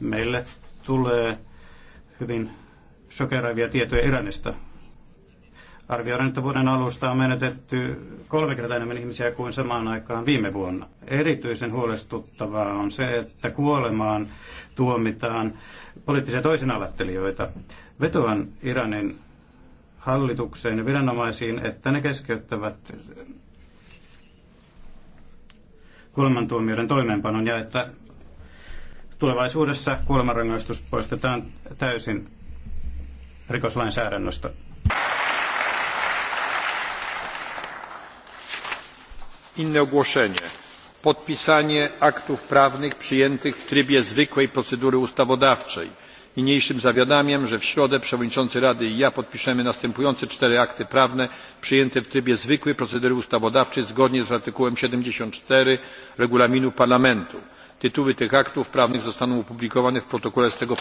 Meille tulee hyvin shokeraavia tietoja Iranista. Arvioidaan, että vuoden alusta on menetetty kolme kertaa enemmän ihmisiä kuin samaan aikaan viime vuonna. Erityisen huolestuttavaa on se, että kuolemaan tuomitaan poliittisia toisinalattelijoita. Vetoan Iranin hallitukseen ja viranomaisiin, että ne keskeyttävät kuolemantuomioiden toimeenpanon ja että Tulevaisuudessa kuolemanrangaistus poistetaan täysin rikoslainsäädännöstä. Inne ogłoszenie. Podpisanie aktów prawnych przyjętych w trybie zwykłej procedury ustawodawczej. Niniejszym zawiadamiam, że w środę przewodniczący Rady i ja podpiszemy następujące cztery akty prawne przyjęte w trybie zwykłej procedury ustawodawczej zgodnie z artykułem 74 regulaminu Parlamentu tytuły tych aktów prawnych zostaną opublikowane w protokole z tego.